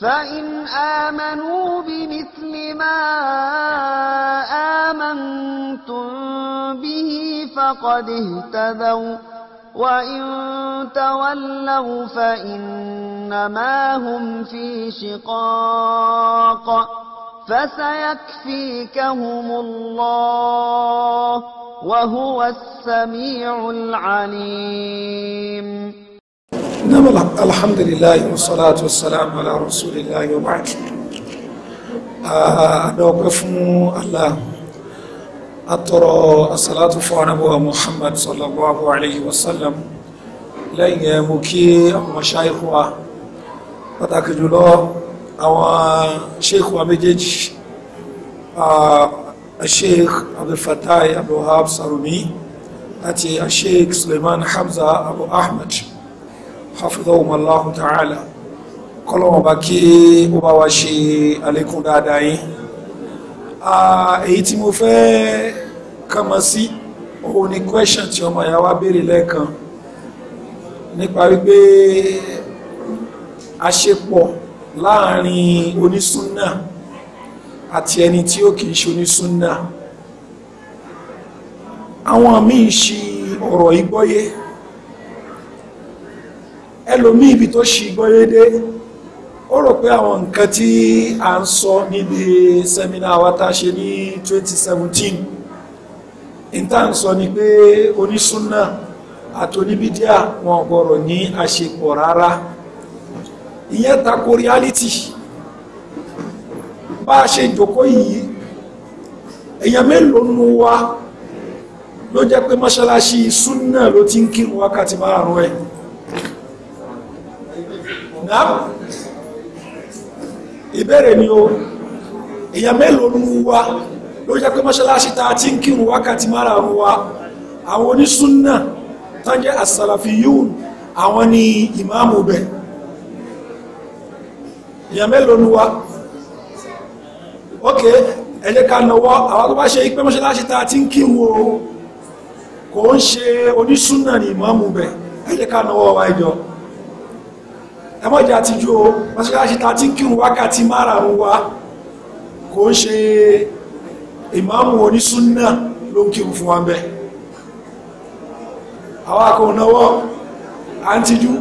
فإن آمنوا بمثل ما آمنتم به فقد اهتدوا وإن تولوا فإنما هم في شقاق فسيكفيكهم الله وهو السميع العليم نعم الحمد لله والصلاة والسلام على رسول الله وبعد أدوقف الله أترى الصلاة فعنبوها محمد صلى الله عليه وسلم lẹ́yìn ẹ mú kí àwọn ṣáìkú wa pàtàkì jùlọ àwọn ṣéèkù wa méjèèjì ṣéèkù abdulfatai abdulhab sarumi àti ṣéèkù suleiman hamza abu ahmed hafidhahum Allahu ta'ala kọ́lọ́wọ́n bá kí ó bá wá ṣe àlékún dáadáa yín èyí tí mo fẹ́ kọ́mọ sí òun ni question tí ọmọ ìyá wa béèrè lẹ́ẹ̀kan nípa wípé àṣepọ̀ láàrin onísúnnà àti ẹni tí ó kìí ṣe onísúnnà àwọn míì ṣì ọ̀rọ̀ ìgbọ́yé ẹlòmí ibi tó ṣì gbọ́yédé ó rò pé àwọn nǹkan tí a ń sọ níbi sẹ́mínà wa tá a ṣe ní 2017 ìta ń sọ ni pé onísúnà àtòníbídíà wọn gbọ́rọ̀ ní àṣepọ̀ rárá ìyẹn tako reality bá a ṣe jòkó yìí èèyàn mélòó nu wa ló jẹ́ pé mọ́ṣáláṣí súnà ló ti ń kírun wákàtí márùn-ún ẹ̀ náà ìbéèrè ni o èèyàn mélòó ló wá ló jẹ́ pé mọ́ṣáláṣí ta ti ń kírun wákàtí márùn-ún wa àwọn onísúnnà tán jẹ́ as-salafiyun àwọn ni ìmáàmù bẹ̀ èèyàn mélòó ló wá ok ẹ ká nọwọ́ àwọn tó bá ṣe pé mọ́ṣáláṣí ta ti ń kírun o kò ń ṣe onísúnnà ni ìmáàmù bẹ̀ ẹ jẹ́ ká nọwọ́ wa ìjọ ẹ mọ̀ jẹ́ àtijọ́ o mọ́ṣáláṣí ta ti kírun wákàtí márààrún wa kò ń ṣe ìmáàmù onísúnnà ló ń kírun fún wa bẹ́ẹ̀ àwọn akọ̀ náwọ́ à ń tijú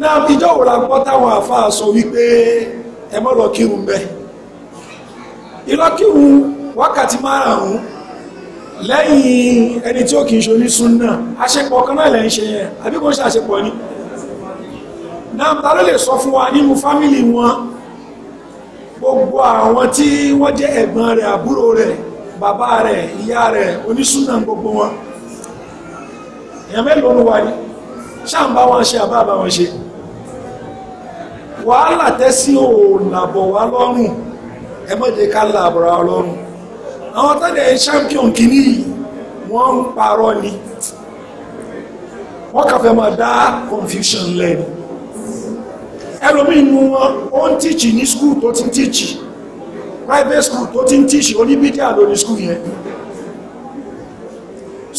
náà ìjọ wo la gbọ́ táwọn àfáà sọ wípé ẹ lọ kírun bẹ́ẹ̀ ìlọkírun wákàtí márààrún lẹ́yìn ẹni tí ó kìí ṣe onísúnnà àṣepọ̀ kan náà lẹ́yìn ṣe yẹn àbí kò ń ṣàṣepọ̀ ni náà ta ló lè sọ fún wa nínú fámílì wọn gbogbo àwọn tí wọ́n jẹ́ ẹ̀gbọ́n rẹ̀ àbúrò rẹ̀ bàbá rẹ̀ ìyá rẹ̀ onísúnnà gbogbo wọn èèyàn mélòó ló wà wọn ṣe àbá wọn ṣe wàhálà tẹ́sí ò làbọ̀ wá lọ́rùn ẹ má jẹ́ ká làbọ̀ra lọ́rùn àwọn tó dẹ̀ champion kìíní yìí wọ́n ń parọ́ ni wọ́n kàn máa dá confusion lẹ́nu ẹlòmíì nu wọn ó ń tíìchì ní skul tó ti ń tíìchì private school tó ti ń tíìchì oníbídíà lórí skul yẹn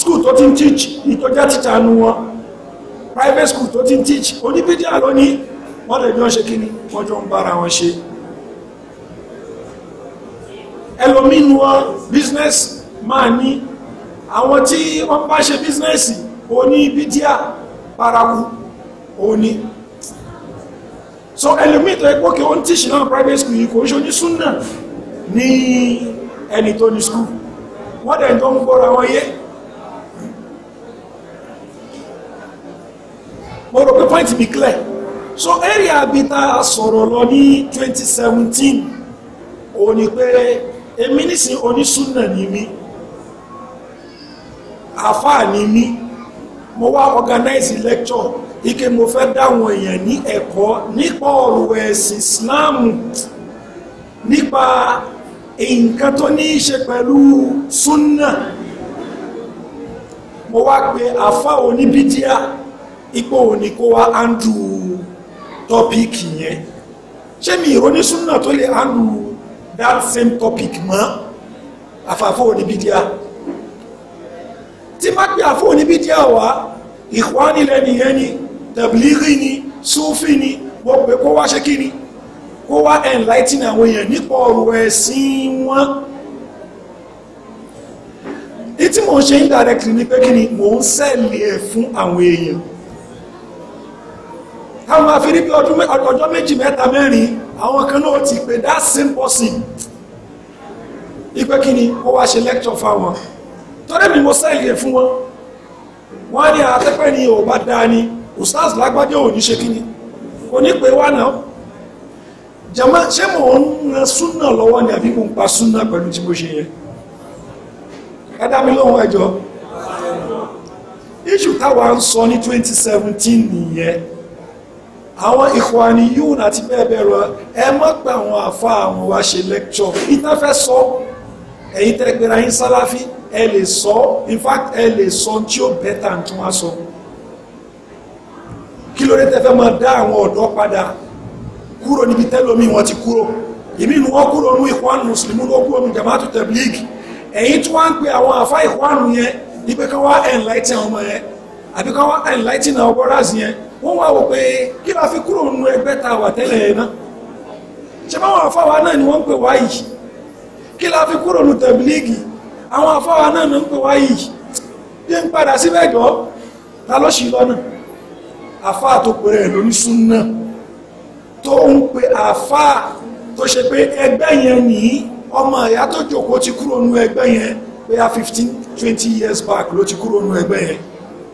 skul tó ti ń tíìchì ìtọ́jà títà nu wọn private school tó ti ń tíìchì oníbídíà lónìí wọ́n lè jọ ṣe kíni wọ́n jọ ń bára wọn ṣe ẹlòmíì nu wọn business man ní àwọn tí wọ́n bá ṣe business oní bídíà paraku oní so ẹlòmíì tó ẹgbókè ó ń tíṣì náà private school yìí kò ń ṣe oní súnà ní ẹni tó ní school wọ́n dẹ̀ tó ń gbọ́ra wọn yé mo rò pé point mi clear so area bí ta sọ̀rọ̀ lọ ní 2017 òní pé èmi nísìn onísúnà ni mí àfáà ni mí mo wá organize lecture ike mo fẹ́ dáwọn èèyàn ní ẹ̀kọ́ nípa ọ̀rọ̀ ẹ̀sìn Islam nípa nǹkan tó ní í ṣe pẹ̀lú súnà mo wá pe àfáà oníbídíà ipò òní kó wá andrew tọ́píìkì yẹn ṣé mi ìrònísúnà tó lè andrew that same topic mọ́ àfàfọ́ oníbídíà tí má pé àfọ́ oníbídíà wá wa lẹ́nìyẹn ni tẹ̀blírí ni súfì ni wọ́n pé kó wá ṣe kí ni kó wá enlighten àwọn èèyàn nípa ọ̀rọ̀ ẹ̀sìn wọn ní tí mò ń ṣe indirectly ni pé kí mò ń sẹ́ẹ̀lì fún àwọn èèyàn táwọn afẹ́rí bí ọjọ́ méjì mẹ́ta mẹ́rin àwọn kan náà ti pè that same person ipe kí ni ó wá ṣe lecture fáwọn torí mi mo sẹ́yìn fún wọn wọ́n ní àtẹ́pẹ́ ah, ni ò bá dáa ni ustaz lágbájá ò ní ṣe kí ni kò ní pé wá náà jama ṣé mò ń ran súnà lọ́wọ́ ni àbí mo ń pa súnà pẹ̀lú tí mo ṣe yẹn ẹ dá mi lóhun ẹjọ́ iṣu táwa ń sọ ní 2017 nìyẹn àwọn ìkọ̀ọ̀nì yún àti bẹ́ẹ̀ bẹ́ẹ̀ lọ ẹ má gba àwọn àfa àwọn wa ṣe lẹ́kṣọ̀ iná fẹ́ sọ ẹ̀yin tẹ́ gbéra yín ẹ lè sọ in fact ẹ lè sọ tí ó bẹ́tà ń tún wá sọ kí ló dé tẹ́ fẹ́ máa dá àwọn ọ̀dọ́ padà kúrò níbi tẹ́lómi wọn ti kúrò ìmí nu wọn kúrò nú ìkọ̀ọ̀nù mùsùlùmí ló kúrò nù jamaatu tabligh ẹ̀yin tí wọ́n ń pe àwọn àfa ìkọ̀ọ̀nù yẹn ní pé ká wá enlighten ọmọ yẹn àbí ká wá enlighten our brothers yẹn wọ́n wá wò pé kí la fi kúrò nínú ẹgbẹ́ ta wà tẹ́lẹ̀ ẹ̀ náà ṣe báwọn afáwa náà ni wọ́n ń pè wá yìí kí la fi kúrò nínú tẹ̀bílíìgì àwọn afáwa náà ni wọ́n ń pè wá yìí bí n padà síbẹ̀ gbọ́ ta ló ṣì lọ́nà àfáà tó pèrè ẹ̀ lórí súnà tó ń pe àfáà tó ṣe pé ẹgbẹ́ yẹn nìyí ọmọ ìyá tó jókòó ti kúrò nínú ẹgbẹ́ yẹn bóyá fifteen twenty years back ló ti kúrò nínú ẹgbẹ́ yẹn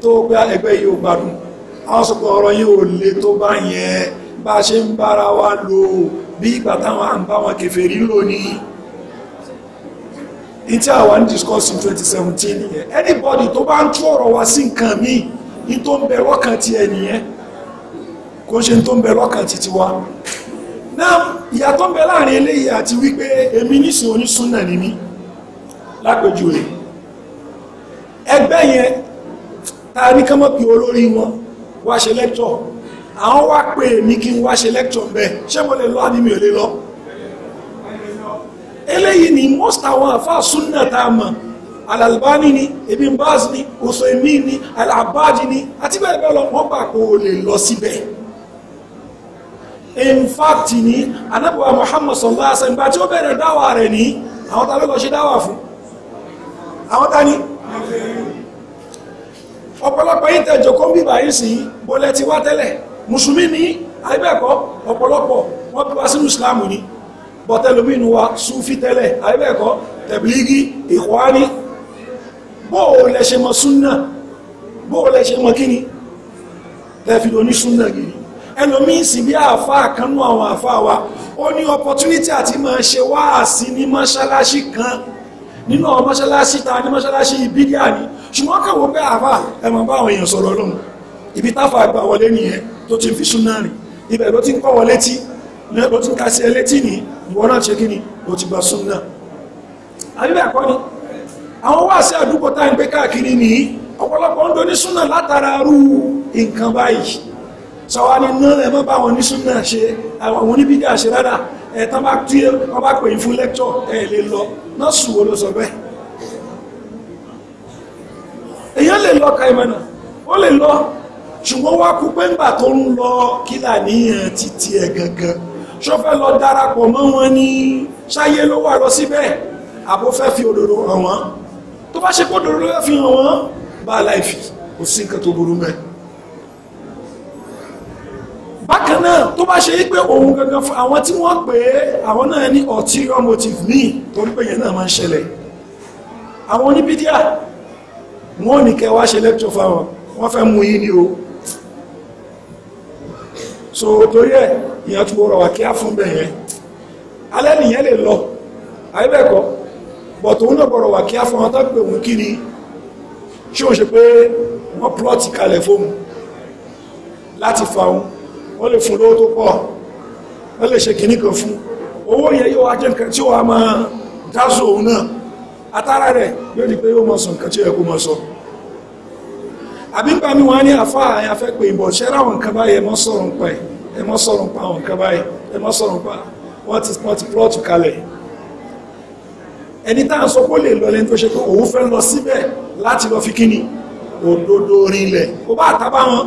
tó bóyá ẹgbẹ́ yìí ó gbádùn àwọn sọpọ̀ ọ̀rọ̀ yìí ò lè tó bá yẹn bá ṣe ń bára wa lò bí ìgbà táwọn à ń bá wọn kẹfẹ́ rí lónìí in tí àwa ń discuss 2017 nìyẹn anybody tó bá ń tú ọ̀rọ̀ wa sí nǹkan míì ní tó ń bẹ lọ́kàn ti ẹ nìyẹn kò ṣe tó ń bẹ lọ́kàn ti tiwa náà ìyàtọ̀ ń bẹ láàrin eléyìí àti wípé èmi nísìn onísúnà ni mí lápèjúwe ẹgbẹ́ yẹn ta ní kán mọ́ pé olórí wọn wá ṣe lecture àwọn wá pè mí kí n wá ṣe lecture bẹ́ẹ̀ ṣé mo lè lọ àbí mi ò lè lọ eléyìí ni most àwọn àfáà súnà tá a mọ̀ Al-Albani ebi Ibn Baz ni Usaymin ni Al-Abbadi ni àti bẹ́ẹ̀ bẹ́ẹ̀ lọ wọ́n gbà kó o lè lọ síbẹ̀ in fact ni anabuwa muhammad sallallahu alaihi wasallam gbàtí ó bẹ̀rẹ̀ dáwà rẹ̀ ní àwọn tàbí lọ ṣe dáwà fún àwọn tani ọ̀pọ̀lọpọ̀ yìí tẹ̀jọ kó ń bíbà yìí sí bọ́lẹ̀ ti wá tẹ́lẹ̀ mùsùlùmí ní àìbẹ̀ẹ̀kọ́ ọ̀pọ̀lọpọ̀ wọ́n bí wá sínú ìsìláàmù ni bọ̀tẹ́lómìnú wa súnfí tẹ́lẹ̀ àìbẹ̀ẹ̀kọ́ tẹ̀bílígì ìkọ̀ání bóò lẹ ṣe mọ súnà bóò lẹ ṣe mọ kíni tẹ́fìdò ní wa ó opportunity àti máa ṣe wáàsí ní mọ́ṣáláṣí kan nínú àwọn mọ́ṣáláṣí ta ní ṣùgbọ́n kàwọ́ pé àfà ẹ̀mọ̀ bá àwọn èèyàn sọ̀rọ̀ lóhun ibi táfà àgbà wọlé nìyẹn tó ti fi súnà rìn ibẹ̀ ló ti ń kọ́ wọ létí ló ti ń ka sí ẹ létí ní ìwọ náà ṣe kí ni ló ti gba súnà àbíbẹ̀ àkọ́ ni àwọn wá sí àdúgbò tá ń gbé káàkiri ní ọ̀pọ̀lọpọ̀ ń doní súnà látara rú nǹkan báyìí sọwá ni náà ẹ mọ́ bá wọn ní súnà ṣe àwọn oníbídà ṣe rárá ẹ̀ tán bá pè fún lẹ́kítọ̀ ẹ̀ lè lọ náà sùn wo ló sọ bẹ́ẹ̀ lè lọ ka ìmọ̀nà ó lè lọ ṣùgbọ́n wá kú pé ńgbà tó ń lọ kílà níyàn títí ẹ̀ gangan ṣó fẹ́ lọ darapọ̀ mọ́ wọn ní ṣáyé ló wà lọ síbẹ̀ àbó fẹ́ fi òdòdó hàn wọ́n tó bá ṣe kódòdó ló fi hàn wọ́n bá a láì fi kò sí nǹkan tó burú mẹ́. bákan náà tó bá ṣe pé òun gangan fún àwọn tí wọ́n pè é àwọn náà ní ulterior motive míì torí pé yẹn náà máa ń ṣẹlẹ̀ àwọn oníbídíà wọ́n ní kẹ wá ṣe lecture fáwọn wọ́n fẹ́ mú yí ní o so torí ẹ̀ ìyàn tó rọ̀ wà kí á fún bẹ̀yẹn alẹ́ nìyẹn lè lọ àyíbẹ̀kọ́ bọ̀ tòun náà gbọ́dọ̀ wà kí á fún wọn kí ni ṣé wọ́n ṣe pé wọ́n plọ́ọ̀tì kalẹ̀ fóun láti fa wọ́n lè fún lówó tó pọ̀ wọ́n lè ṣe kìnnìkan fún owó yẹn yóò wá jẹ́ nǹkan tí ó wà máa dázò òun náà àtàrà rẹ̀ yóò di pé yóò mọ̀ sọ nǹkan tí ó yẹ kó mọ̀ sọ àbí nípa mi wọn á ní àfa àyàn afẹ́ pé ìbọ̀ ṣẹ́ra àwọn nǹkan báyìí ẹ mọ́ sọ̀rọ̀ nípa ẹ̀ ẹ mọ́ sọ̀rọ̀ nípa àwọn nǹkan báyìí ẹ mọ́ sọ̀rọ̀ nípa wọ́n ti wọ́n ti plọ́ọ̀tù kalẹ̀ ẹni tá à ń sọ pé lè lọ lẹ́ni tó ṣe pé òun fẹ́ lọ síbẹ̀ láti lọ fi kíni òdodo rinlẹ̀ kó bá àtàbá wọn.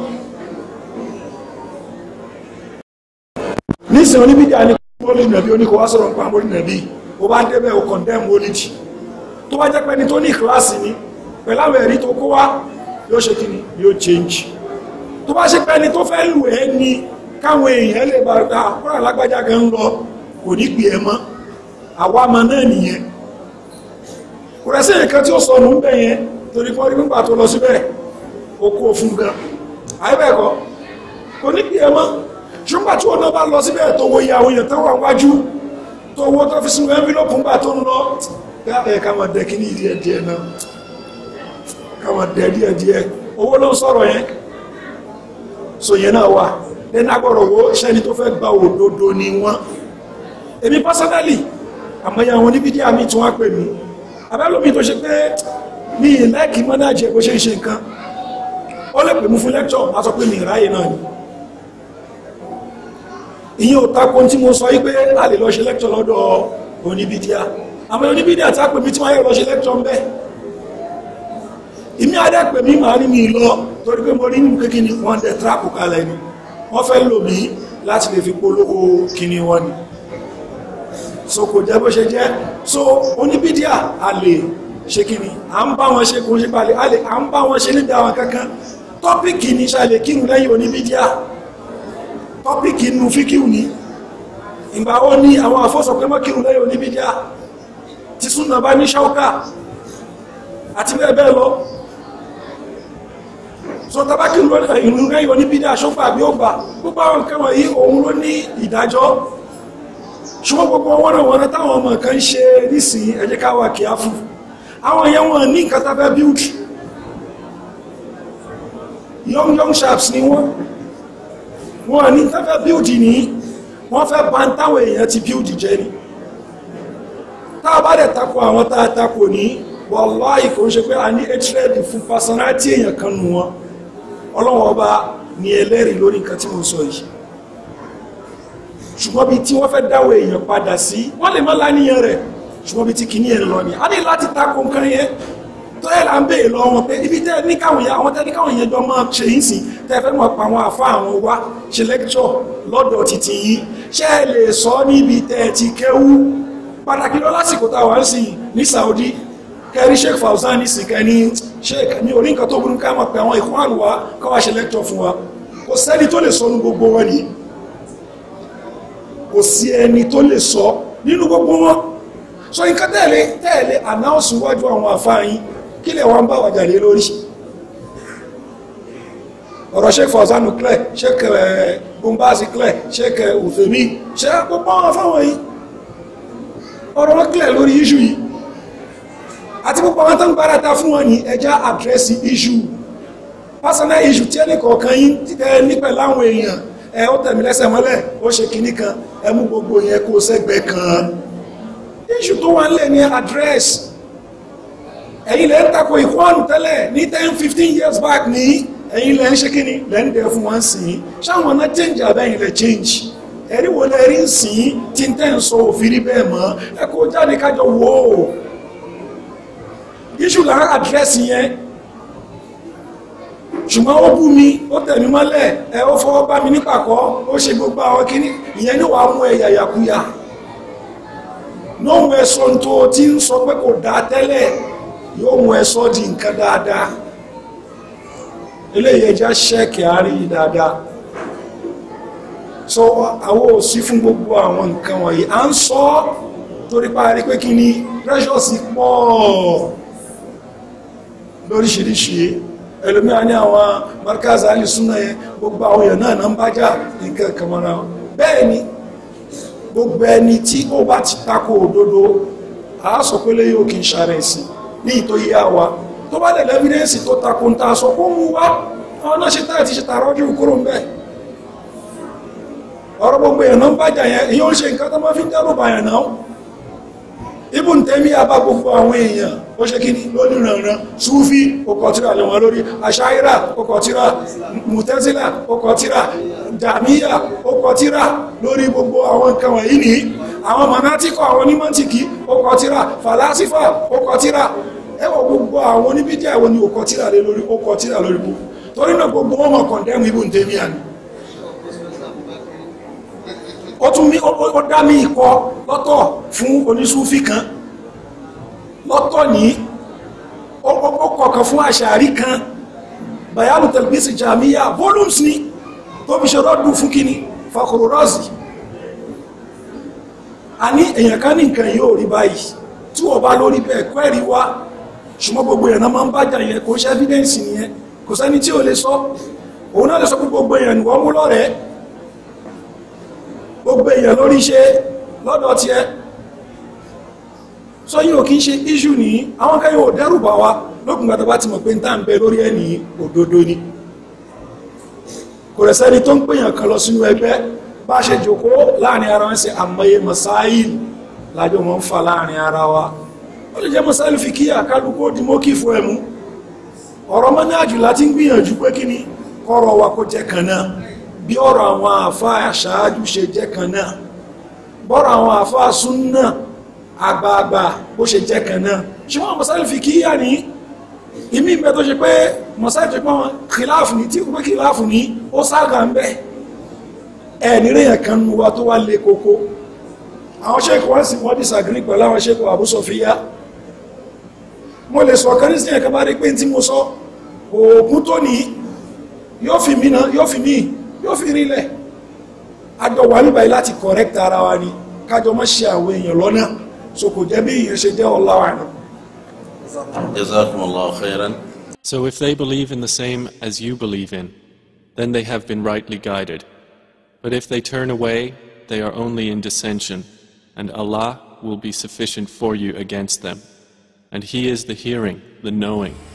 nísìnyí oníbíjà ni kò wọ́n lè nàbí oníkó wá sọ̀rọ̀ nípa àwọn olùnàbí ó bá ń débẹ̀ ó kọ̀ndẹ́mù olùjì tó wá jẹ́ pé ẹni tó ní ìkíláàsì ni pẹ̀lú àwọn ẹ̀rí tó kó wá yóò ṣe kí ni yóò change tó bá ṣe pé ẹni tó fẹ́ lù ẹ́ ni káwọn èèyàn lè bá ta àkúrà lágbájá gan ń lọ kò ní pè ẹ mọ́ àwa ọmọ náà nìyẹn kò rẹ̀ sí nǹkan tí ó sọnù ń bẹ̀ yẹn torí kọ́ rí nígbà tó lọ síbẹ̀ ó kó fún gan àyẹ́bẹ̀kọ́ kò ní pè ẹ mọ́ ṣùgbọ́n tí ọ̀nà bá lọ síbẹ̀ tó wo ìyàwó yẹn tó wà wájú tó wo tó fi sínú envelope ńgbà tó ń lọ ẹ eh, ká máa dẹ kí ní díẹ̀ díẹ̀ owó ló ń sọ̀rọ̀ yẹn so yẹn náà wà lẹ́nu agbọ́rọ̀ wo ṣẹ́ni tó fẹ́ gba dodo ni wọ́n èmi personally àmọ́yà àwọn oníbídí àmì tí pè mi mọ́nájẹ bó ṣe ń ṣe nǹkan ó lè pè fún lecture a sọ pé mi ìráyè náà ni ìyẹn ò takò tí mo sọ yí pé a lè lọ ṣe àwọn oníbídà tá a pè mí tí wọ́n yẹ lọ ṣe lẹ́kṣọ̀ ń bẹ́ ìmí adé pè mí màá ní mi lọ torí pé mo rí nínú pé kíni wọ́n dẹ tíráàpù kalẹ̀ ni wọ́n fẹ́ lò mí láti lè fi polówó kíni wọn ni so kò jẹ́ bó ṣe jẹ́ so oníbídà a lè ṣe kíni à ń bá wọn ṣe kò ń ṣe palẹ̀ a lè à ń bá wọn ṣe níbi àwọn kankan tọ́pìkì ni ṣàlẹ̀ kírun lẹ́yìn oníbídà tọ́pìkì nu fíkìrù ni ìgbà ó ní àwọn àfọ́sọ̀ kírun lẹ́yìn oníbídà tí súnà bá ní ṣáúkà àti bẹ́ẹ̀ bẹ́ẹ̀ lọ sọ tabaki ìlú rẹ̀ yọ níbi ní aṣọ́fà àbí ọgbà gbogbo àwọn nǹkan wọ̀nyí òun ló ní ìdájọ́ ṣùgbọ́n gbogbo wọ́n wọ́n rẹ̀ táwọn ọmọ kan ṣe nísìnyí ẹ jẹ́ ká wà kí fún àwọn yẹn wọ́n ní nǹkan tábẹ́ build young young sharps ni wọ́n wọ́n ní tábẹ́ build ní wọ́n fẹ́ bá ń táwọn èèyàn ti build jẹ́ ni tá a bá dẹ̀ takò àwọn tá a takò ní wàláì kò ń ṣe pé a ní hatred fún personality èèyàn kan nù wọn ọlọ́wọ́n ọba ni ẹlẹ́rìí lórí nǹkan tí mo sọ yìí ṣùgbọ́n bí tí wọ́n fẹ́ dáwọ́ èèyàn padà sí wọ́n lè má láníyàn rẹ̀ ṣùgbọ́n bí tí kìíní ẹ̀ lọ ni a ní láti takò nǹkan yẹn tó ẹ̀ là ń béè lọ wọn pé ibi tẹ́ ní káwọn yẹn àwọn tẹ́ ní yẹn jọ máa ṣe yín sí tẹ́ fẹ́ mọ̀ pa àwọn àfa àwọn wa ṣe lẹ́kítọ̀ lọ́dọ̀ títí yìí ṣé ẹ lè sọ níbi tẹ́ ti kéwú pàtàkì lọ lásìkò táwa ń sìn ní Saudi kẹrí Sheikh Fauzan ní sìn kẹni Sheikh ní orí nǹkan tó burú ká mọ̀ pé àwọn ìkún àlùwá kọ́ ṣe lẹ́tọ̀ fún wa kò sẹ́ni tó lè sọ nínú gbogbo wọn ni kò sí ẹni tó lè sọ nínú gbogbo wọn so nǹkan tẹ̀lé tẹ̀lé anáwọ̀sùn wájú àwọn àfáàyín kí lè wọn bá wàjà lé lórí ọ̀rọ̀ Sheikh Fauzan clear Sheikh eh, Bombasi clear Sheikh eh, Uthemi Sheikh gbogbo àwọn afáwọn yìí ọ̀rọ̀ wọn clear lórí issue yìí àti púpọ̀ wọn tó ń gbáradá fún wọn ní ẹja àdírẹ́sì issue personal issue tí ẹnì kọ̀ọ̀kan yín títẹ nípẹ̀ láwọn èèyàn ẹ ó tẹ̀mí lẹ́sẹ̀ mọ́lẹ̀ ó ṣe kinní kan ẹ mú gbogbo yẹn kó sẹ́gbẹ̀ẹ́ kan issue tó wà nílẹ̀ ní àdírẹ́sì ẹ̀yin lẹ́ ń tako ìkọ́ọ̀nù tẹ́lẹ̀ ní ten fifteen years back ní ẹ̀yin lẹ́ ń ṣe kinní lẹ́ ń dẹ̀ fún wọn sìn ṣáwọn náà change àbẹ́yìn lẹ́ change ẹ̀rí wo lẹ rí sìn tí ń tẹ́ ń sọ òfin rí bẹ́ẹ̀ mọ́ ẹ kó jáde kájọ wò ó iṣu là ń àdírẹ́sì yẹn ṣùgbọ́n ó bú mi ó tẹ̀mí mọ́lẹ̀ ẹ ó fọwọ́ bá mi nípàkọ́ ó ṣe gbogbo àwọn kíní ìyẹn ní wàá mú ẹ yàyàkuyà lóhun ẹsọ tó ti ń sọ pé kò dáa tẹ́lẹ̀ yóò mú ẹsọ di nǹkan dáadáa eléyìí ẹja ṣẹ́ẹ̀kì àárín dáadáa so àwọn ò sí fún gbogbo àwọn nǹkan wọ̀nyí à ń sọ ọ́ torí parí pé kí ni precious pọ̀ lóríṣìíríṣìí ẹlòmíà ní àwọn markaz alisuna yẹn gbogbo àwọn èèyàn náà náà ń bájá nǹkan kan mọ́ra wọn bẹ́ẹ̀ ni gbogbo ẹni tí ó bá ti tako òdodo a sọ pé lè yóò kí n ṣàrẹ̀ sí ní ìtòyí àwa tó bá lẹ̀ lẹ́fídẹ́ǹsì tó tako ń ta sọ kó mú wá náà ṣe táyà ti ṣe tààrọ́jú kúrò ń bẹ́ẹ̀ ọ̀rọ̀ gbogbo èèyàn náà ń bàjá yẹn èyí ó ń ṣe nǹkan tó máa fi ń dẹ́rù bàyàn náà ibùn tẹ́mí abá gbogbo àwọn èèyàn ó ṣe kí ni lónìí rànran súfí okọ̀tíra lè wọ́n lórí àṣáírà okọ̀tíra mùtẹ́sílà okọ̀tíra dàmíyà okọ̀tíra lórí gbogbo àwọn nǹkan wọ̀nyí ní àwọn mọ̀nátìkọ̀ àwọn onímọ̀ntìkì okọ̀tíra fàlásífà okọ̀tíra ẹwọ̀ gbogbo àwọn oníbídíà ìwọ̀n ni okọ̀tíra lórí okọ̀tíra lórí gbogbo torí náà gbogbo wọn mọ̀ kọ̀ndẹ́mù ibùn tẹ́mí àná ó tún mí ó dá mí ikọ̀ lọ́tọ̀ fún onísúfì kan lọ́tọ̀ ní ó kọ̀ọ̀kan fún àṣàrí kan bayanu telbisi jamiya volumes ni tó fi ṣe rọ́dù fún kíni fakoro rọ́ọ̀sì a ní èèyàn ká ní nǹkan yóò rí báyìí tí wọ́n bá lórí bẹ́ẹ̀ kwẹ́rí wá ṣùgbọ́n gbogbo èèyàn máa ń bájà yẹn kò ṣe evidence nìyẹn kò sẹ́ni tí ò lè sọ òun náà lè sọ gbogbo èèyàn ni wọ́n mú lọ́rẹ̀ẹ́ gbogbo èèyàn lórí ṣe lọ́dọ̀ tiẹ̀ sọ yìí ò kí ń ṣe iṣu nìyí àwọn kan yóò dẹ́rù wa lókun gbàtà bá ti mọ̀ pé ń lori bẹ lórí ni kò rẹ̀ sẹ́ni tó ń pèèyàn kan lọ sínú ẹgbẹ́ bá ṣe láàrin ara wọn ṣe àmọye masáyìl lájọ wọn ń fa láàrin ara wa ó lè jẹ́ fi kíyà kálukú ó di fún ẹ̀mú ọ̀rọ̀ láti ń gbìyànjú pé bí ọ̀rọ̀ àwọn àfa àṣáájú ṣe jẹ́ kan náà bọ́rọ̀ àwọn àfa súnnà àgbààgbà bó ṣe jẹ́ kan náà ṣùgbọ́n àwọn mọ̀sáìlì fi kíyà ní ìmí ìbẹ́ tó ṣe pé mọ̀sáìlì tó pọ́n kìláàfù ní tí kò pé kìláàfù ní ó sága ń bẹ́ ẹ̀ nírèyàn kan nu wa tó wá le koko àwọn ṣẹ́kù wọ́n sì wọ́n disagree pẹ̀lú àwọn ṣẹ́kù Abu Sofiya mo lè sọ kan nísìnyàn kan bá rí pé tí mo sọ òògùn tó ní yóò fi mí náà yóò fi mí yóò fi rinlẹ̀ àjọ wà yìí láti correct ara wa ni kájọ má ṣe àwọn èèyàn lọ́nà so kò jẹ́ bí ṣe jẹ́ So if they believe in the same as you believe in, then they have been rightly guided. But if they turn away, they are only in dissension, and Allah will be sufficient for you against them. And He is the hearing, the knowing.